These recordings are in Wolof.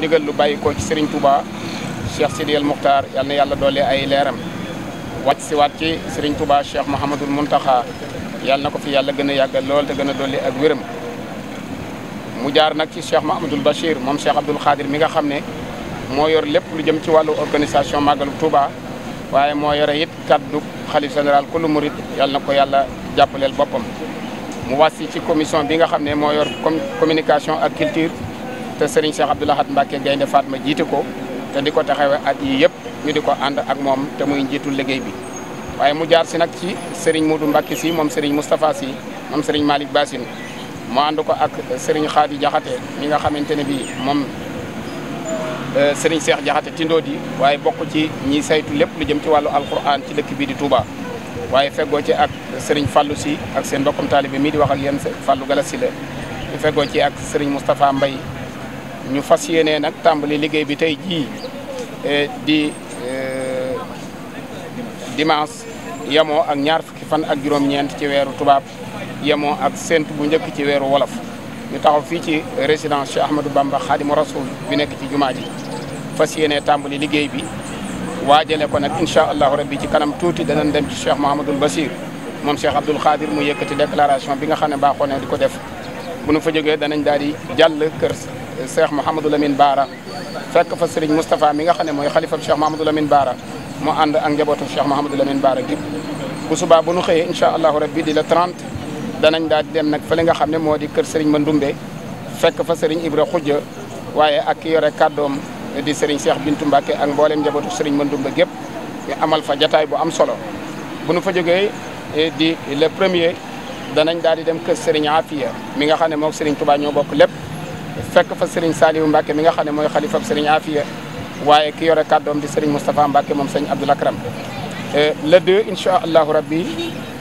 ndigal lu bàyyi ko ci Serigne Touba Cheikh Sidi El Mokhtar yal na yàlla doole ay leeram wàcc si waat ci Serigne Touba Cheikh Mouhamadul Mountakha yal na ko fi yàlla gën a yàggal lool te gën a dolli ak wéram mu jaar nag ci Cheikh Mouhamadul Bachir moom Cheikh Abdoul Khadir mi nga xam ne moo yor lépp lu jëm ci wàllu organisation màggalu Touba waaye moo yore it kaddu xalif général kullu murid yal ko yàlla jàppaleel boppam mu wàcc ci commission bi nga xam moo yor communication ak culture. te Serigne Cheikh Abdou Lahad Mbacké Gaynde Fatma jiite ko te di ko taxawee at yi yëpp ñu di ko ànd ak moom te muy njiitu liggéey bi waaye mu jaar si nag ci Serigne Modou Mbacké si moom Serigne Moustapha si moom Serigne Malick Bassine mu ànd ko ak Serigne Khady Diakhaté mi nga xamante ne bii moom euh, Serigne Cheikh Diakhaté tindoo di waaye bokk ci ñi saytu lépp lu jëm ci wàllu alquran ci lëkk bii di Touba waaye feggoo ci ak Serigne Fallou si ak seen mbokkum taalibe mii di wax ak yéen Fallou Galass si la ci ak Serigne Moustapha Mbaye ñu fas yéenee nag tàmbali liggéey bi tey jii eh, di eh, dimanche yemoo ak ñaar fukki fan ak juróom-ñeent ci weeru tubaab yemoo ak séntu bu njëkk ci weeru wolof ñu taxaw fii ci résidence Cheikh Ahmadou Bamba Khadimu Rasoul bi nekk ci jumaa ji fas yéenee tàmbali liggéey bi waajale ko nag incha allahu rabbi ci kanam tuuti danañ dem ci Cheikh Mahamadul Basir moom Cheikh Abdoul Khadir mu ti déclaration bi nga xam ne baaxoo ne di ko def bu nu fa jógee danañ daal di jàll kër Cheikh Mouhamadou Lamine Baara fekk fa Serigne Moustapha mi nga xam ne mooy xalifab Cheikh Mouhamadou Lamine Baara mu ànd ak njabootu Cheikh Mouhamadou Lamine Baara gépp bu subaa bu nu xëyee incha allahu rabbi di la 30 danañ daal di dem nag fële nga xam ne moo di kër Serigne Mandoumbe fekk fa seriñ Ibra Khoudia waaye ak ki yore kàddoom di Serigne Cheikh Bintou Mbacke ak mboolem njabootu Serigne Mandoumbe gépp ñu amal fa jataay bu am solo bu nu fa jógee eh, di le premier danañ daal di dem kër Serigne Afia mi nga xam ne moog Serigne Touba ñoo bokk lépp. fekk fa Serigne Saliou mbake mi nga xam ne mooy xalifab Serigne Afia waaye ki yore kàddoom di Serigne Moustapha Mbacke moom sëñ Abdoul Akram euh, le deux incha allahu rabbi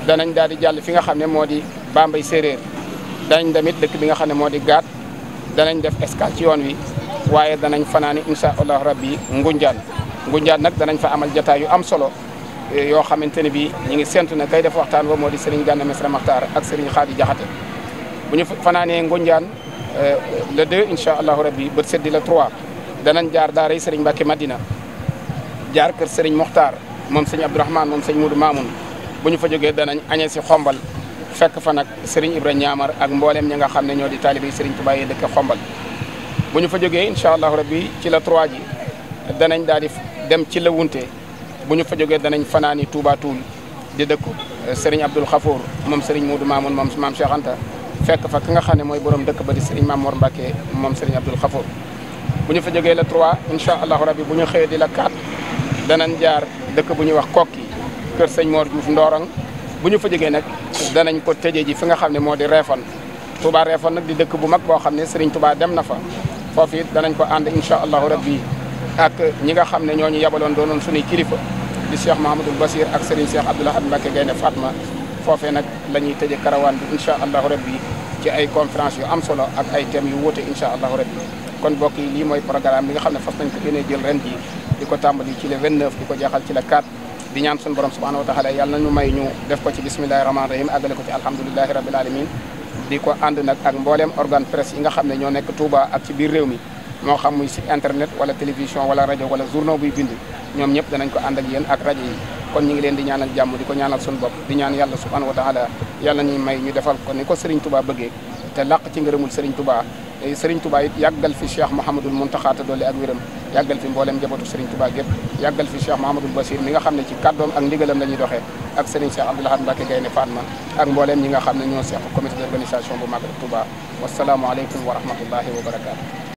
danañ daal di jàll fi nga xam ne moo di Bambey séeréer danañ damit dëkk bi nga xam ne moo di gaat danañ def escale yoon wi waaye danañ fanaani incha allahu rabbi Ngunjaan Ngunjaan nag danañ fa amal jotaay yu am solo euh, yoo xamante ne bi ñu ngi séntu na kay def waxtaan wa moo di Serigne Gana Messere ak Serigne Khady Diakhaté bu ñu Euh, le 2 incha allah rabbi bët seddi la 3 danañ jaar daaray Serigne Mbacke Madina jaar kër Serigne Mokhtar moom sëñ Abdourahman moom sëñ Moudou Mamoun bu ñu fa jógee danañ añee si xombal fekk fa nag Serigne Ibra Ñaamar ak mboolem ñi nga xam ne ñoo di taalibe Serigne Touba yi dëkk xombal bu ñu fa jógee incha allahu rabbi ci la 3 ji danañ daal di dem ci la wunte bu ñu fa jógee danañ fanaani Touba Toul di dëkk euh, Serigne Abdoul Khafour moom seriñ Moudou Mamoun moom maam Cheikh Anta fekk fa ki nga xam ne mooy borom dëkk ba di sëriñ Mamour Mbacke moom sëriñ Abdoul Khafour bu ñu fa jógee la 3 incha allahu rabi bu ñu xëyee di la 4 danañ jaar dëkk bu ñuy wax kokki kër sëñ Mor Diouf Ndorong bu ñu fa jógee nag danañ ko tëjee ji fi nga xam ne moo di Réfane Touba Réfane nag di dëkk bu mag boo xam ne sëriñ tubaa dem na fa foofu it danañ ko ànd incha allahu rabi ak ñi nga xam ne ñoo ñu yabaloon doonoon suñuy kilifa di Cheikh Mahamadou Basir ak sëriñ Cheikh Abdoul Ahad Mbacke Gaynde Fatma foofee nag la ñuy tëje karawaan bi incha allahu rabbi ci ay conférence yu am solo ak ay thèmes yu wuute incha allahu rabbi kon bokk yi lii mooy programme bi nga xam ne fas nañ ko yéenee jël ren ji di ko tàmbali ci le 29 di ko jeexal ci le 4 di ñaan suñu borom subhanahu wa taala nañu may ñu def ko ci bismillahi rahmani rahim àggale ko ci alhamdulilahi rabil alamin di ko ànd nag ak mbooleem organe presse yi nga xam ne ñoo nekk Touba ak ci biir rée mi moo xam muy internet wala télévision wala rajo wala journaux buy bind ñoom ñëpp danañ ko ànd yéen ak rajo yi kon ñi ngi leen di ñaanal jàmm di ko ñaanal suñu bopp di ñaan yàlla subhanahu wa taala yàlla ñuy may ñu defal ko ni ko Serigne Touba bëggee te làq ci ngërëmul Serigne Touba Serigne Touba it yàggal fi Cheikh Mouhamadul Mountakha te doole ak wéram yàggal fi mboolem njabootu Serigne Touba gépp yàggal fi Cheikh Mouhamadul Bachir mi nga xam ne ci kàddoom ak ndigalam la ñuy doxee ak Serigne Cheikh Abdoul Ahad Mbacké Gaïndé Fatma ak mbooleem ñi nga xam ne ñoo seq comité d'organisation bu Magal Touba wasalaamualeykum wa rahmatullahi wa barakatu